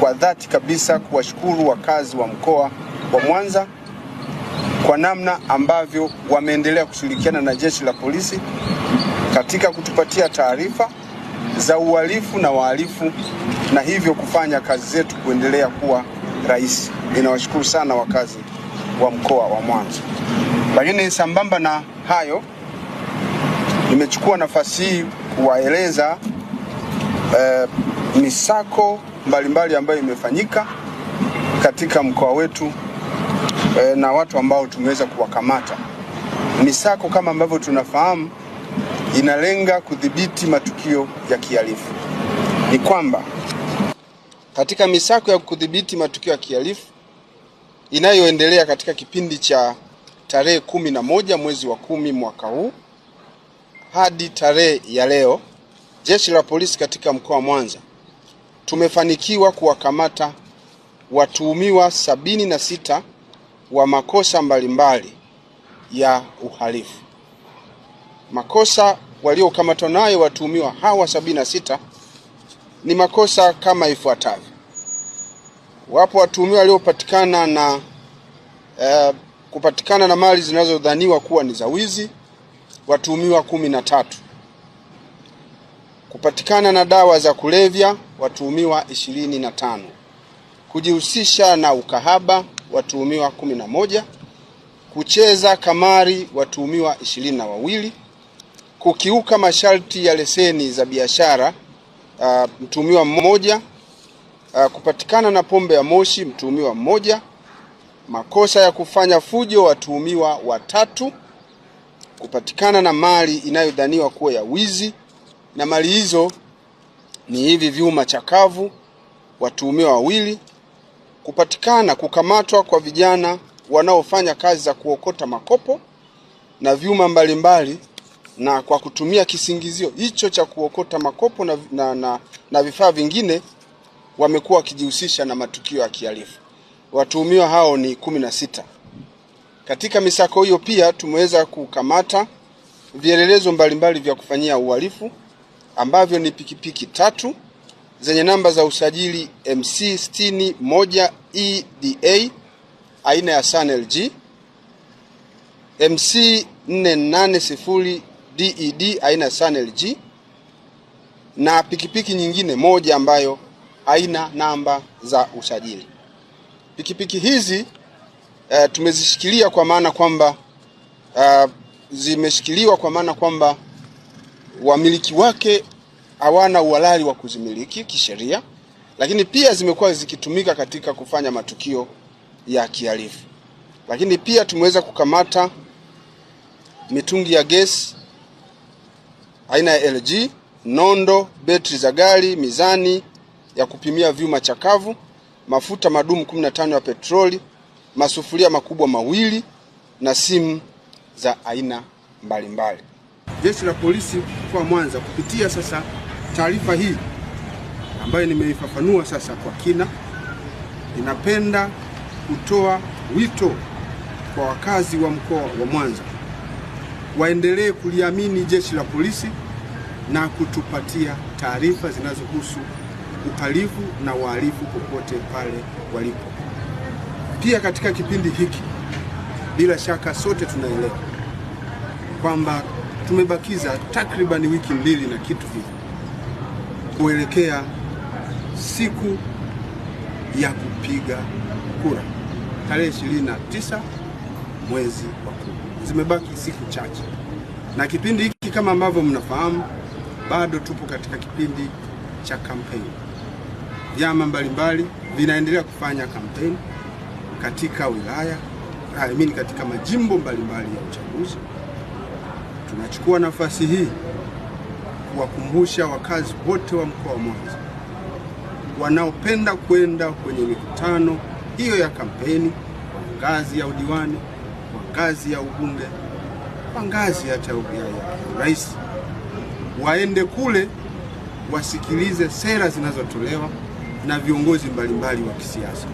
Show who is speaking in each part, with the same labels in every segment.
Speaker 1: kwa dhati kabisa kuwashukuru wakazi wa mkoa wa Mwanza kwa namna ambavyo wameendelea kushirikiana na jeshi la polisi katika kutupatia taarifa za uhalifu na wahalifu na hivyo kufanya kazi zetu kuendelea kuwa rahisi. Ninawashukuru sana wakazi wa mkoa wa Mwanza. Lakini sambamba na hayo, nimechukua nafasi hii kuwaeleza eh, misako mbalimbali ambayo imefanyika katika mkoa wetu e, na watu ambao tumeweza kuwakamata. Misako kama ambavyo tunafahamu inalenga kudhibiti matukio ya kihalifu. Ni kwamba katika misako ya kudhibiti matukio ya kihalifu inayoendelea katika kipindi cha tarehe kumi na moja mwezi wa kumi mwaka huu hadi tarehe ya leo, jeshi la polisi katika mkoa wa Mwanza tumefanikiwa kuwakamata watuhumiwa sabini na sita wa makosa mbalimbali ya uhalifu. Makosa waliokamatwa nayo watuhumiwa hawa sabini na sita ni makosa kama ifuatavyo: wapo watuhumiwa waliopatikana na eh, kupatikana na mali zinazodhaniwa kuwa ni za wizi watuhumiwa kumi na tatu kupatikana na dawa za kulevya watuhumiwa 25, kujihusisha na ukahaba watuhumiwa 11, kucheza kamari watuhumiwa ishirini na wawili, kukiuka masharti ya leseni za biashara uh, mtuhumiwa mmoja, uh, kupatikana na pombe ya moshi mtuhumiwa mmoja, makosa ya kufanya fujo watuhumiwa watatu, kupatikana na mali inayodhaniwa kuwa ya wizi na mali hizo ni hivi vyuma chakavu, watuhumiwa wawili, kupatikana kukamatwa kwa vijana wanaofanya kazi za kuokota makopo na vyuma mbalimbali na kwa kutumia kisingizio hicho cha kuokota makopo na, na, na, na vifaa vingine wamekuwa wakijihusisha na matukio ya kihalifu. Watuhumiwa hao ni kumi na sita. Katika misako hiyo pia tumeweza kukamata vielelezo mbalimbali vya kufanyia uhalifu ambavyo ni pikipiki tatu zenye namba za usajili MC 61 EDA aina ya lg MC 480 DED aina ya LG na pikipiki nyingine moja ambayo haina namba za usajili. Pikipiki hizi e, tumezishikilia kwa maana kwamba e, zimeshikiliwa kwa maana kwamba wamiliki wake hawana uhalali wa kuzimiliki kisheria, lakini pia zimekuwa zikitumika katika kufanya matukio ya kihalifu. Lakini pia tumeweza kukamata mitungi ya gesi aina ya LG, nondo, betri za gari, mizani ya kupimia vyuma chakavu, mafuta madumu 15 ya petroli, masufuria makubwa mawili na simu za aina mbalimbali mbali. Jeshi la Polisi mkoa Mwanza kupitia sasa taarifa hii ambayo nimeifafanua sasa kwa kina, inapenda kutoa wito kwa wakazi wa mkoa wa Mwanza waendelee kuliamini Jeshi la Polisi na kutupatia taarifa zinazohusu uhalifu na wahalifu popote pale walipo. Pia katika kipindi hiki, bila shaka sote tunaelewa kwamba tumebakiza takriban wiki mbili na kitu hivi kuelekea siku ya kupiga kura tarehe 29 mwezi wa kumi. Zimebaki siku chache, na kipindi hiki kama ambavyo mnafahamu, bado tupo katika kipindi cha kampeni. Vyama mbalimbali vinaendelea kufanya kampeni katika wilaya I mean, katika majimbo mbalimbali ya uchaguzi. Tunachukua nafasi hii kuwakumbusha wakazi wote wa mkoa wa Mwanza wanaopenda kwenda kwenye mikutano hiyo ya kampeni kwa ngazi ya udiwani, kwa ngazi ya ubunge, kwa ngazi hata ya urais, waende kule wasikilize sera zinazotolewa na viongozi mbalimbali wa kisiasa.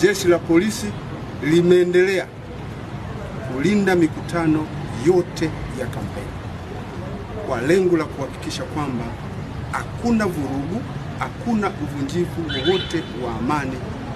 Speaker 1: Jeshi la polisi limeendelea kulinda mikutano yote ya kampeni kwa lengo la kuhakikisha kwamba hakuna vurugu, hakuna uvunjifu wowote wa amani.